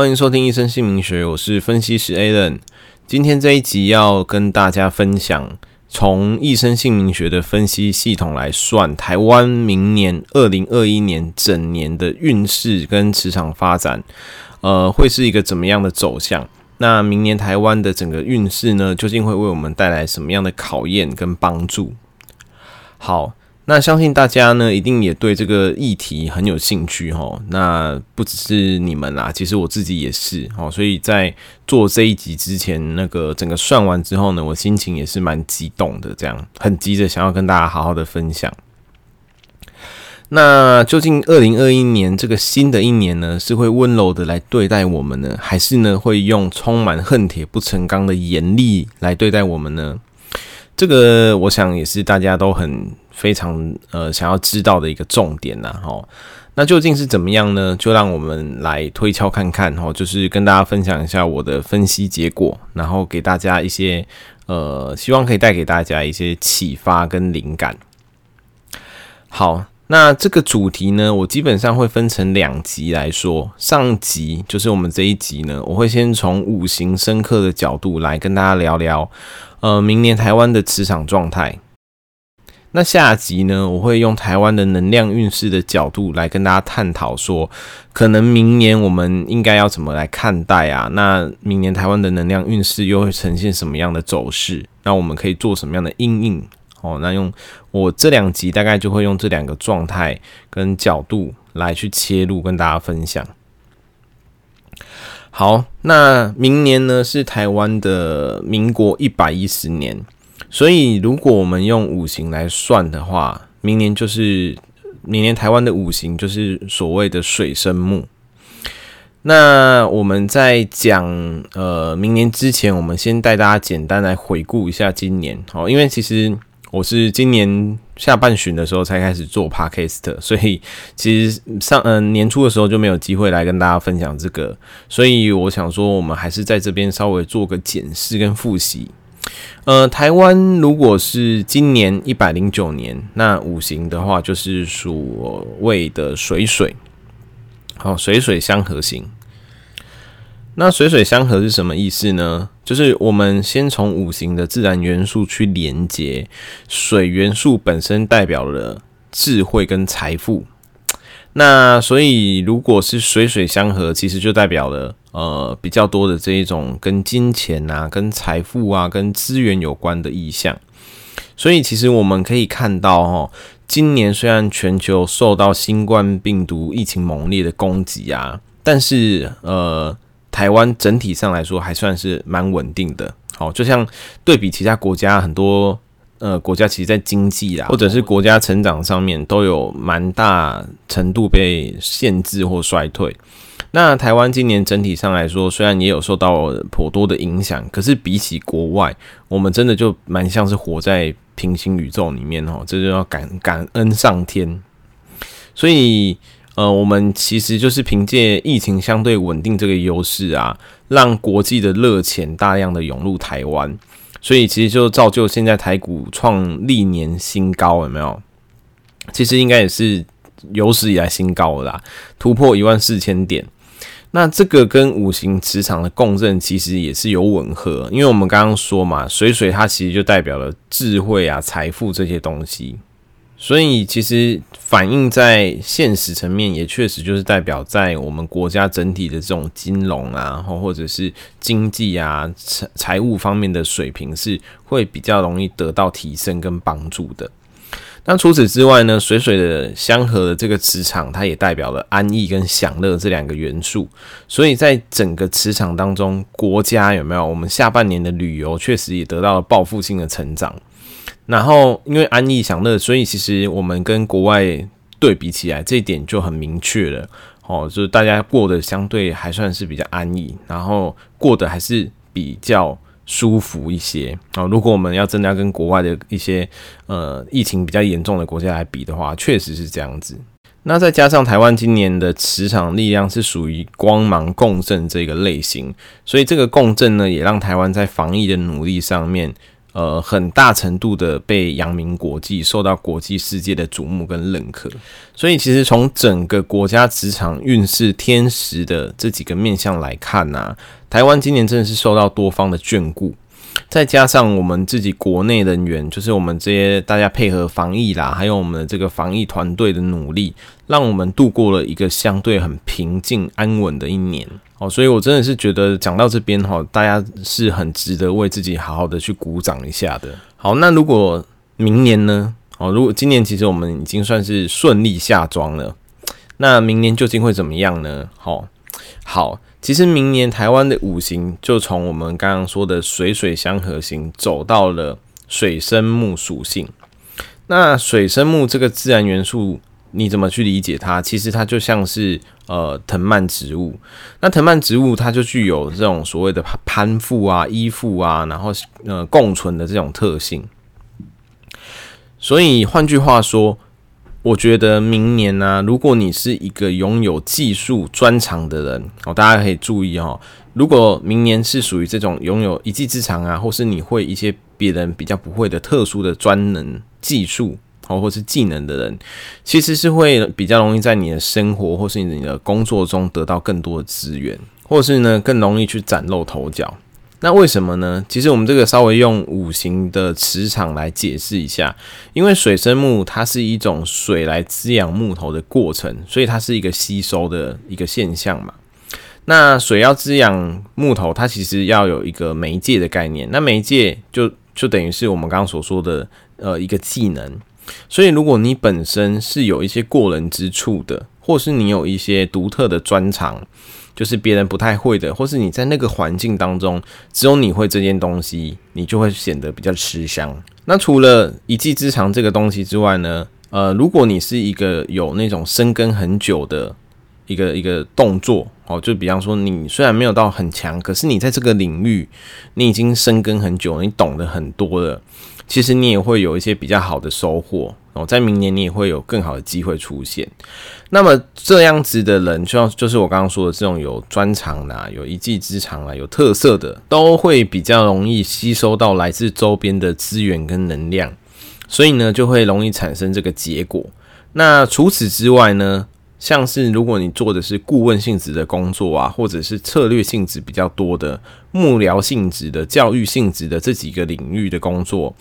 歡迎收聽《一生姓名學》，我是分析師 Alan。今天這一集要跟大家分享，從一生姓名學的分析系統來算，台灣明年二零二一年整年的運勢跟磁場發展，呃，會是一個怎麼樣的走向？那明年台灣的整個運勢呢，究竟會為我們帶來什麼樣的考驗跟幫助？好。那相信大家呢，一定也對這個議題很有興趣齁。那不只是你們啦，其實我自己也是齁。所以在做這一集之前，那個整個算完之後呢，我心情也是蠻激動的，這樣，很急着想要跟大家好好的分享。那究竟二零二一年這個新的一年呢，是會溫柔的來對待我們呢，還是呢會用充滿恨鐵不成鋼的嚴厲來對待我們呢？這個我想也是大家都很非常呃想要知道的一個重點啦，啊，吼，那究竟是怎麼樣呢？就讓我們來推敲看看，吼，就是跟大家分享一下我的分析結果，然後給大家一些呃，希望可以帶給大家一些啟發跟靈感。好。那這個主題呢，我基本上會分成兩集來說。上集就是我們這一集呢，我會先從五行生剋的角度來跟大家聊聊，呃，明年台灣的磁場狀態。那下集呢，我會用台灣的能量運勢的角度來跟大家探討，說可能明年我們應該要怎麼來看待啊。那明年台灣的能量運勢又會呈現什麼樣的走勢？那我們可以做什麼樣的因應？哦，那用我這兩集大概就會用這兩個狀態跟角度來去切入跟大家分享。好，那明年呢，是台灣的民國一百一十年，所以如果我們用五行來算的話，明年就是明年台灣的五行就是所謂的水生木。那我們在講呃明年之前，我們先帶大家簡單來回顧一下今年。好、哦，因為其實。我是今年下半旬的時候才開始做 podcast，所以其實上嗯、呃、年初的時候就沒有機會來跟大家分享這個，所以我想說我們還是在這邊稍微做個檢視跟複習。呃，台灣如果是今年一百零九年，那五行的話就是所謂的水水，好、哦、水水相合型。那水水相合是什麼意思呢？就是我們先從五行的自然元素去連接，水元素本身代表了智慧跟財富。那所以如果是水水相合，其實就代表了呃比較多的這一種跟金錢啊、跟財富啊、跟資源有關的意象。所以其實我們可以看到，齁，今年雖然全球受到新冠病毒疫情猛烈的攻擊啊，但是呃。台灣整體上來說還算是蠻穩定的，好，就像對比其他國家，很多呃國家其實在經濟啦或者是國家成長上面都有蠻大程度被限制或衰退。那台灣今年整體上來說，雖然也有受到頗多的影響，可是比起國外，我們真的就蠻像是活在平行宇宙裡面哦、喔，這就要感感恩上天。所以。呃，我們其實就是憑借疫情相對穩定這個優勢啊，讓國際的熱錢大量的湧入台灣，所以其實就造就現在台股創歷年新高，有沒有？其實應該也是有史以來新高的啦，突破一萬四千點。那這個跟五行磁場的共振其實也是有吻合，因為我們剛剛說嘛，水水它其實就代表了智慧啊、財富這些東西。所以，其實反映在現實層面，也確實就是代表在我們國家整體的這種金融啊，或者是經濟啊財財務方面的水平是會比較容易得到提升跟幫助的。那除此之外呢，水水的相合的這個磁場，它也代表了安逸跟享樂這兩個元素。所以在整個磁場當中，國家有沒有我們下半年的旅遊，確實也得到了報復性的成長。然後，因為安逸享樂，所以其實我們跟國外對比起來，這一點就很明確了。哦，就是大家過得相對還算是比較安逸，然後過得還是比較舒服一些。啊、哦，如果我們要真的要跟國外的一些呃疫情比較嚴重的國家來比的話，確實是這樣子。那再加上台灣今年的磁場力量是屬於光芒共振這個類型，所以這個共振呢，也讓台灣在防疫的努力上面。呃，很大程度的被揚名國際，受到國際世界的矚目跟認可。所以，其實從整個國家職場運勢天時的這幾個面向來看吶、啊，台灣今年真的是受到多方的眷顧。再加上我們自己國內人員，就是我們這些大家配合防疫啦，還有我們的這個防疫團隊的努力，讓我們度過了一個相對很平靜安穩的一年哦。所以，我真的是覺得講到這邊哈，大家是很值得為自己好好的去鼓掌一下的。好，那如果明年呢？哦，如果今年其實我們已經算是順利下莊，了，那明年究竟會怎麼樣呢？好，好。其實明年台灣的五行就從我們剛剛說的水水相和型走到了水生木屬性。那水生木這個自然元素，你怎麼去理解它？其實它就像是呃藤蔓植物。那藤蔓植物，它就具有這種所謂的攀附啊、依附啊，然後呃共存的這種特性。所以換句話說。我覺得明年啊，如果你是一個擁有技術專長的人，哦，大家可以注意哦，如果明年是屬於這種擁有一技之長啊，或是你會一些別人比較不會的特殊的專能技術，哦，或者是技能的人，其實是會比較容易在你的生活或是你的工作中得到更多的資源，或是呢更容易去嶄露頭角。那為什麼呢？其實我們這個稍微用五行的磁場來解釋一下，因為水生木，它是一種水來滋養木頭的過程，所以它是一個吸收的一個現象嘛。那水要滋養木頭，它其實要有一個媒介的概念。那媒介就就等於是我們剛剛所說的呃一個技能。所以如果你本身是有一些過人之處的，或是你有一些獨特的專長。就是別人不太會的，或是你在那個環境當中只有你會這件東西，你就會顯得比較吃香。那除了一技之長這個東西之外呢，呃，如果你是一個有那種深耕很久的一個一個動作，哦、喔，就比方說你雖然沒有到很強，可是你在這個領域你已經深耕很久，你懂得很多了，其實你也會有一些比較好的收穫。在明年你也會有更好的機會出現。那麼這樣子的人，就像就是我剛剛說的這種有專長的、有一技之長啊、有特色的，都會比較容易吸收到來自周邊的資源跟能量，所以呢，就會容易產生這個結果。那除此之外呢？像是如果你做的是顧問性質的工作啊，或者是策略性質比較多的、幕僚性質的、教育性質的這幾個領域的工作，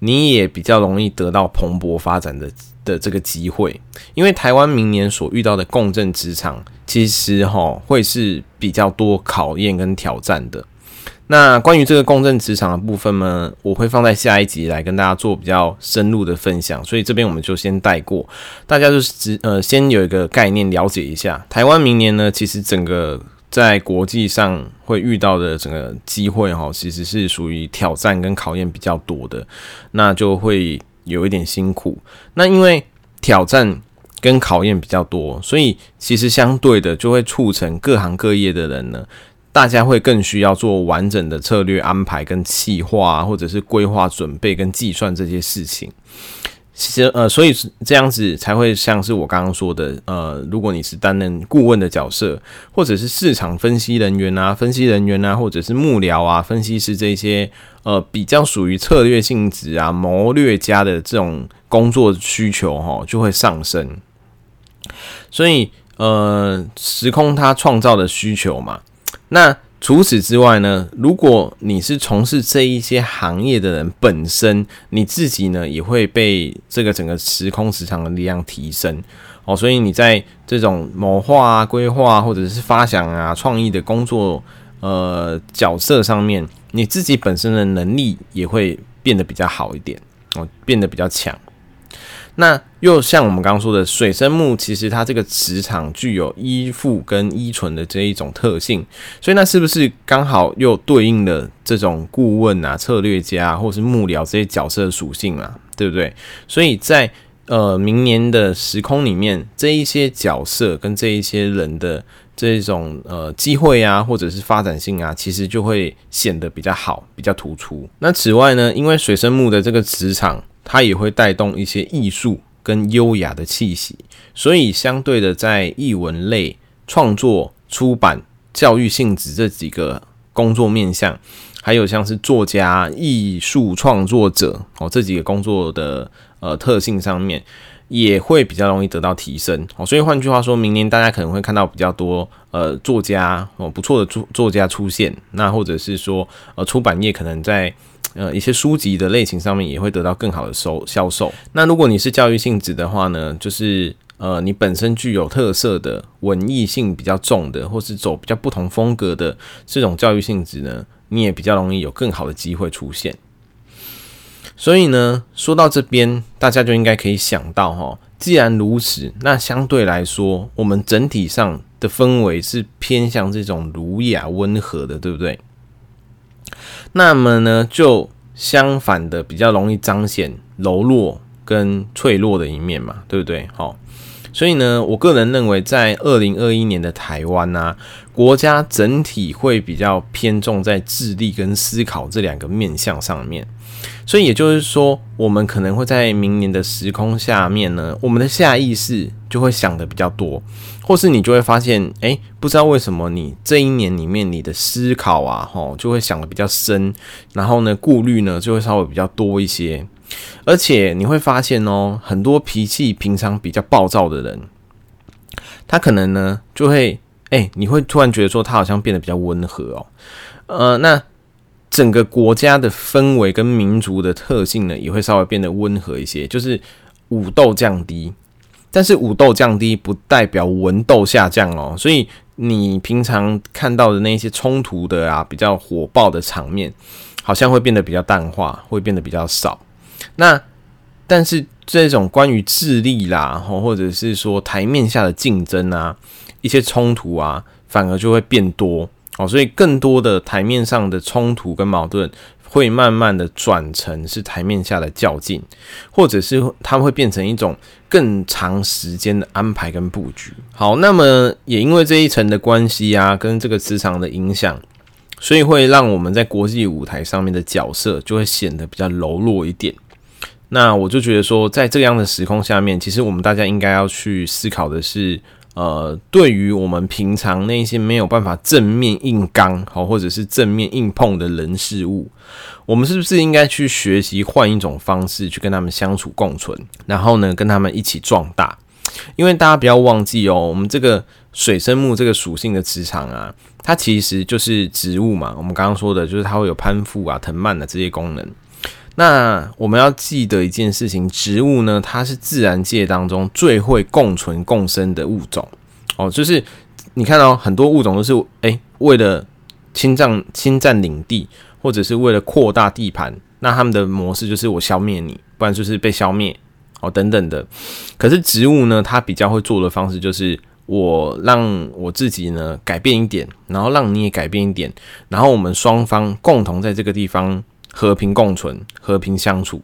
你也比較容易得到蓬勃發展的的這個機會。因為臺灣明年所遇到的共振職場，其實吼，會是比較多考驗跟挑戰的。那關於這個共振磁場的部分呢，我會放在下一集來跟大家做比較深入的分享，所以這邊我們就先帶過，大家就是呃先有一個概念了解一下。台灣明年呢，其實整個在國際上會遇到的整個機會哈，其實是屬於挑戰跟考驗比較多的，那就會有一點辛苦。那因為挑戰跟考驗比較多，所以其實相對的就會促成各行各業的人呢。大家會更需要做完整的策略安排跟企劃啊，或者是規劃準備跟計算這些事情。其實，呃，所以這樣子才會像是我剛剛說的，呃，如果你是擔任顧問的角色，或者是市場分析人員啊，分析人員啊，或者是幕僚啊，分析師這些，呃，比較屬於策略性質啊，謀略家的這種工作需求，吼，就會上升。所以，呃，時空它創造的需求嘛。那除此之外呢，如果你是從事這一些行業的人本身，你自己呢，也會被這個整個時空磁場的力量提升哦。所以你在這種謀劃啊、規劃啊、或者是發想啊、創意的工作呃角色上面，你自己本身的能力也會變得比較好一點哦，變得比較強。那又像我們剛剛說的，水生木其實它這個磁場具有依附跟依存的這一種特性，所以那是不是剛好又對應了這種顧問啊、策略家或是幕僚這些角色的屬性嘛、啊？對不對？所以在呃明年的時空裡面，這一些角色跟這一些人的這一種呃機會啊，或者是發展性啊，其實就會顯得比較好、比較突出。那此外呢，因為水生木的這個磁場。它也會帶動一些藝術跟優雅的氣息，所以相對的，在藝文類創作、出版、教育性質這幾個工作面向，還有像是作家、藝術創作者哦這幾個工作的呃特性上面，也會比較容易得到提升哦。所以換句話說，明年大家可能會看到比較多呃作家哦不錯的作作家出現，那或者是說呃出版業可能在。呃，一些書籍的類型上面也會得到更好的收銷售。那如果你是教育性質的話呢，就是呃，你本身具有特色的文藝性比較重的，或是走比較不同風格的這種教育性質呢，你也比較容易有更好的機會出現。所以呢，說到這邊，大家就應該可以想到齁，既然如此，那相對來說，我們整體上的氛圍是偏向這種儒雅溫和的，對不對？那麼呢，就相反的比較容易彰顯柔弱跟脆弱的一面嘛，對不對？好，所以呢，我個人認為在二零二一年的台灣啊，國家整體會比較偏重在智力跟思考這兩個面向上面。所以也就是說，我們可能會在明年的時空下面呢，我們的下意識就會想得比較多，或是你就會發現，欸，不知道為什麼你這一年裡面你的思考啊，吼，就會想得比較深，然後呢，顧慮呢就會稍微比較多一些，而且你會發現喔，很多脾氣平常比較暴躁的人，他可能呢就會，欸，你會突然覺得說他好像變得比較溫和喔，呃，那。整個國家的氛圍跟民族的特性呢，也會稍微變得溫和一些，就是武鬥降低。但是武鬥降低不代表文鬥下降哦，所以你平常看到的那些衝突的啊，比較火爆的場面，好像會變得比較淡化，會變得比較少。那但是這種關於智力啦，或者是說台面下的競爭啊，一些衝突啊，反而就會變多。好，所以更多的台面上的衝突跟矛盾，會慢慢的轉成是台面下的較勁，或者是它會變成一種更長時間的安排跟布局。好，那麼也因為這一層的關係呀，跟這個磁場的影響，所以會讓我們在國際舞台上面的角色就會顯得比較柔弱一點。那我就覺得說，在這樣的時空下面，其實我們大家應該要去思考的是。呃，對於我們平常那些沒有辦法正面硬剛好，或者是正面硬碰的人事物，我們是不是應該去學習換一種方式去跟他們相處共存？然後呢，跟他們一起壯大？因為大家不要忘記哦，我們這個水生木這個屬性的磁場啊，它其實就是植物嘛。我們剛剛說的就是它會有攀附啊、藤蔓的、啊、這些功能。那我們要記得一件事情，植物呢，它是自然界當中最會共存共生的物種哦。就是你看到，哦，很多物種都是哎、欸，為了侵占侵占領地，或者是為了擴大地盤，那他們的模式就是我消滅你，不然就是被消滅哦等等的。可是植物呢，它比較會做的方式就是我讓我自己呢改變一點，然後讓你也改變一點，然後我們雙方共同在這個地方和平共存，和平相處，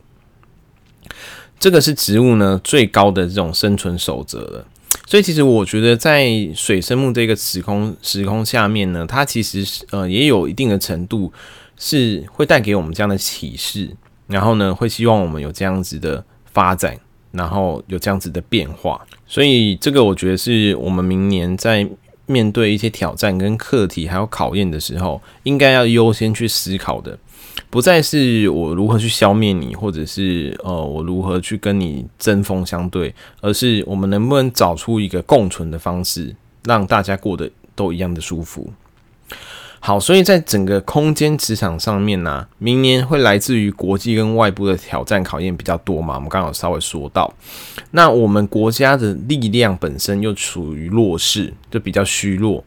這個是植物呢最高的這種生存守則了。所以，其實我覺得，在水生木這個時空時空下面呢，它其實呃也有一定的程度是會帶給我們這樣的啟示。然後呢，會希望我們有這樣子的發展，然後有這樣子的變化。所以，這個我覺得是我們明年在面對一些挑戰跟課題還有考驗的時候，應該要優先去思考的。不再是我如何去消滅你，或者是呃我如何去跟你針鋒相對，而是我們能不能找出一個共存的方式，讓大家過得都一樣的舒服。好，所以在整個空間磁場上面呢，啊，明年會來自於國際跟外部的挑戰考驗比較多嘛，我們剛好稍微說到，那我們國家的力量本身又處於弱勢，就比較虛弱。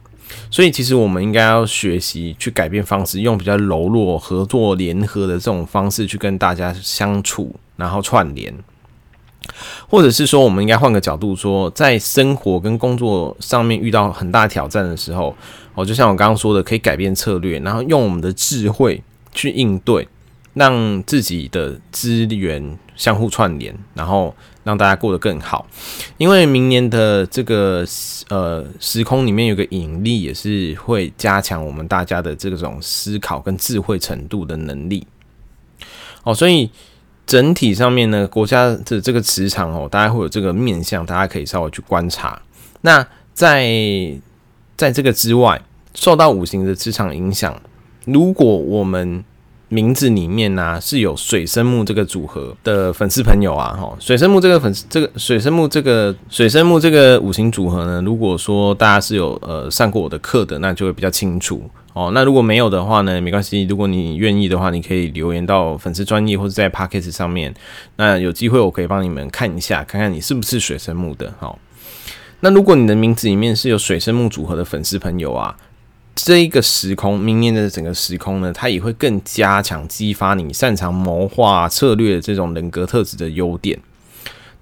所以，其實我們應該要學習去改變方式，用比較柔弱、合作、聯合的這種方式去跟大家相處，然後串聯，或者是說，我們應該換個角度說，在生活跟工作上面遇到很大挑戰的時候，哦，就像我剛剛說的，可以改變策略，然後用我們的智慧去應對，讓自己的資源相互串聯，然後。讓大家過得更好，因為明年的這個呃時空裡面有個引力，也是會加強我們大家的這種思考跟智慧程度的能力。哦，所以整體上面呢，國家的這個磁場哦，大家會有這個面向，大家可以稍微去觀察。那在在這個之外，受到五行的磁場影響，如果我們。名字裡面呢、啊、是有水生木這個組合的粉絲朋友啊，哈，水生木這個粉這個水生木這個水生木這個五行組合呢，如果說大家是有呃上過我的課的，那就會比較清楚哦。那如果沒有的話呢，沒關係，如果你願意的話，你可以留言到粉絲專頁或者在 Podcast 上面，那有機會我可以幫你們看一下，看看你是不是水生木的。哈、哦，那如果你的名字裡面是有水生木組合的粉絲朋友啊。這一個時空，明年的整個時空呢，它也會更加強激發你擅長謀劃策略的這種人格特質的優點。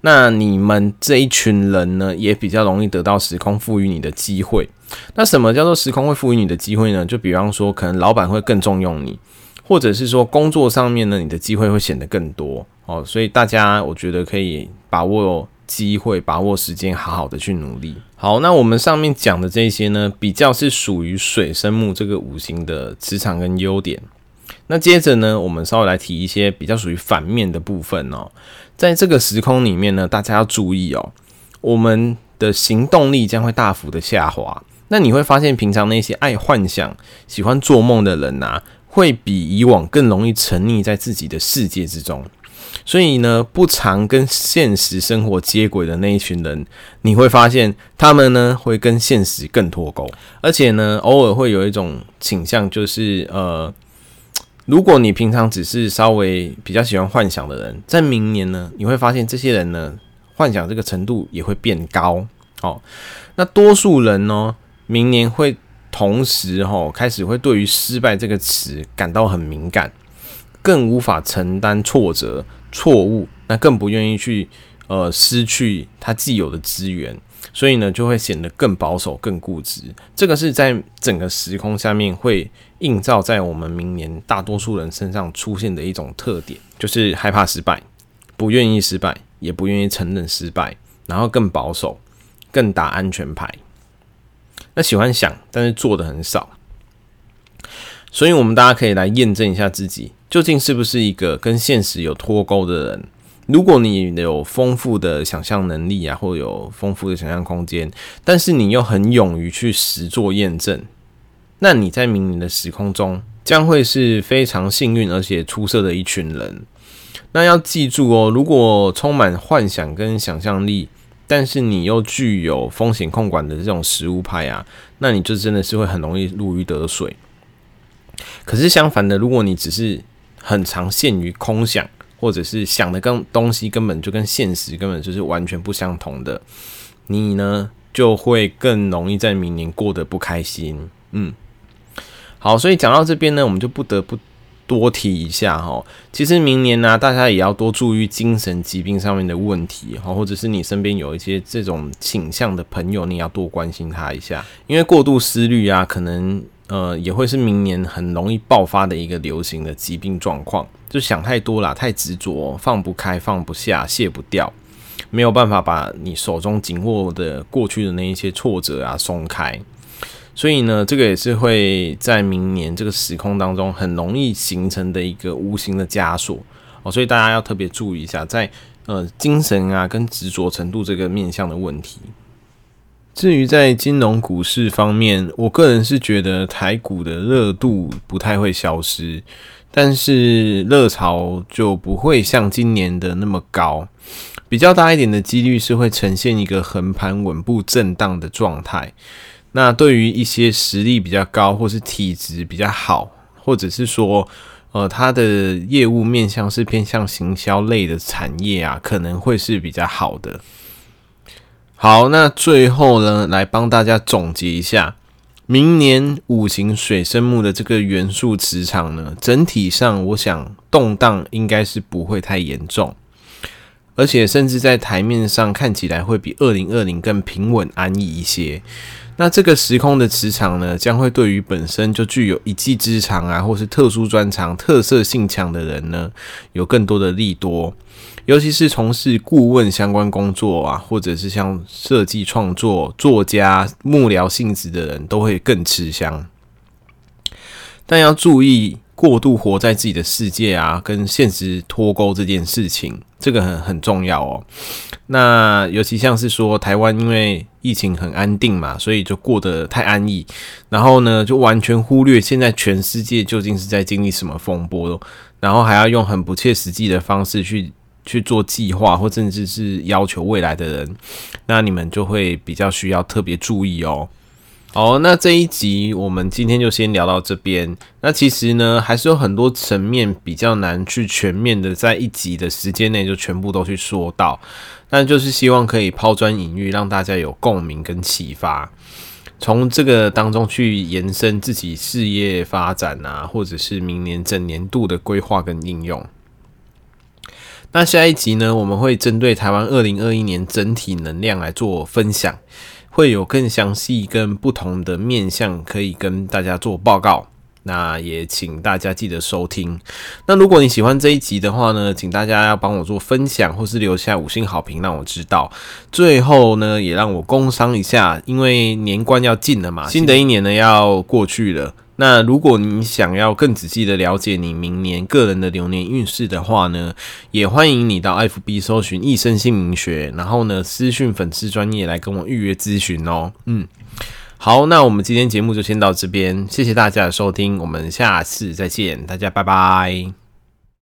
那你們這一群人呢，也比較容易得到時空賦予你的機會。那什麼叫做時空會賦予你的機會呢？就比方說，可能老板會更重用你，或者是說工作上面呢，你的機會會顯得更多哦。所以大家，我覺得可以把握。機會，把握時間，好好的去努力。好，那我們上面講的這些呢，比較是屬於水生木這個五行的磁場跟優點。那接着呢，我們稍微來提一些比較屬於反面的部分哦。在這個時空裡面呢，大家要注意哦，我們的行動力將會大幅的下滑。那你會發現，平常那些愛幻想、喜歡做夢的人啊，會比以往更容易沉溺在自己的世界之中。所以呢，不常跟現實生活接軌的那一群人，你會發現他們呢會跟現實更脫鈎，而且呢，偶爾會有一種傾向，就是呃，如果你平常只是稍微比較喜歡幻想的人，在明年呢，你會發現這些人呢幻想這個程度也會變高。哦，那多數人呢，明年會同時哈、哦、開始會對於失敗這個詞感到很敏感，更無法承擔挫折。錯誤，那更不願意去，呃，失去他既有的資源，所以呢，就會顯得更保守，更固執。這個是在整個時空下面會映照在我們明年大多數人身上出現的一種特點，就是害怕失敗，不願意失敗，也不願意承認失敗，然後更保守，更打安全牌。那喜歡想，但是做得很少，所以我們大家可以來驗證一下自己，究竟是不是一個跟現實有脫鈎的人？如果你有豐富的想象能力啊，或有豐富的想象空間，但是你又很勇於去實作驗證，那你在明年的時空中將會是非常幸運而且出色的一群人。那要記住哦，如果充滿幻想跟想象力，但是你又具有風險控管的這種實務派啊，那你就真的是會很容易如魚得水。可是相反的，如果你只是很常限於空想，或者是想的跟東西根本就跟現實根本就是完全不相同的，你呢就會更容易在明年過得不開心。嗯，好，所以講到這邊呢，我們就不得不多提一下哈。其實明年呢、啊，大家也要多注意精神疾病上面的問題哈，或者是你身邊有一些這種傾向的朋友，你要多關心他一下，因為過度思慮啊，可能。呃，也會是明年很容易爆發的一個流行的疾病狀況。就想太多了，太執着，放不開放不下，卸不掉，沒有辦法把你手中緊握的過去的那一些挫折啊鬆開。所以呢，這個也是會在明年這個時空當中很容易形成的一個無形的枷鎖哦。所以大家要特別注意一下在，在呃精神啊跟執着程度這個面向的問題。至於在金融股市方面，我個人是覺得台股的熱度不太會消失，但是熱潮就不會像今年的那麼高。比較大一點的幾率是會呈現一個橫盤穩步震盪的狀態。那對於一些實力比較高，或是體質比較好，或者是說，呃，它的業務面向是偏向行銷類的產業啊，可能會是比較好的。好，那最後呢，來幫大家總結一下，明年五行水生木的這個元素磁場呢，整體上我想動盪應該是不會太嚴重，而且甚至在台面上看起來會比二零二零更平穩安逸一些。那這個時空的磁場呢，將會對於本身就具有一技之長啊，或是特殊專長、特色性強的人呢，有更多的利多。尤其是從事顧問相關工作啊，或者是像設計、創作、作家、幕僚性質的人，都會更吃香。但要注意過度活在自己的世界啊，跟現實脫鈎這件事情，這個很很重要哦。那尤其像是說，台灣因為疫情很安定嘛，所以就過得太安逸，然後呢，就完全忽略現在全世界究竟是在經歷什麼風波，然後還要用很不切實際的方式去。去做計劃，或甚至是要求未來的人，那你們就會比較需要特別注意哦、喔。好，那這一集我們今天就先聊到這邊。那其實呢，還是有很多層面比較難去全面的，在一集的時間內就全部都去說到。但就是希望可以拋磚引玉，讓大家有共鳴跟啟發，從這個當中去延伸自己事業發展啊，或者是明年整年度的規劃跟應用。那下一集呢，我們會針對台灣二零二一年整體能量來做分享，會有更詳細跟不同的面向可以跟大家做報告。那也請大家記得收聽。那如果你喜歡這一集的話呢，請大家要幫我做分享或是留下五星好評讓我知道。最後呢，也讓我工商一下，因為年關要近了嘛，新的一年呢要過去了。那如果你想要更仔細的了解你明年個人的流年運勢的話呢，也歡迎你到 FB 搜尋“一生姓名學”，然後呢私訊粉絲專業來跟我預約諮詢哦。嗯，好，那我們今天節目就先到這邊，謝謝大家的收聽，我們下次再見，大家拜拜。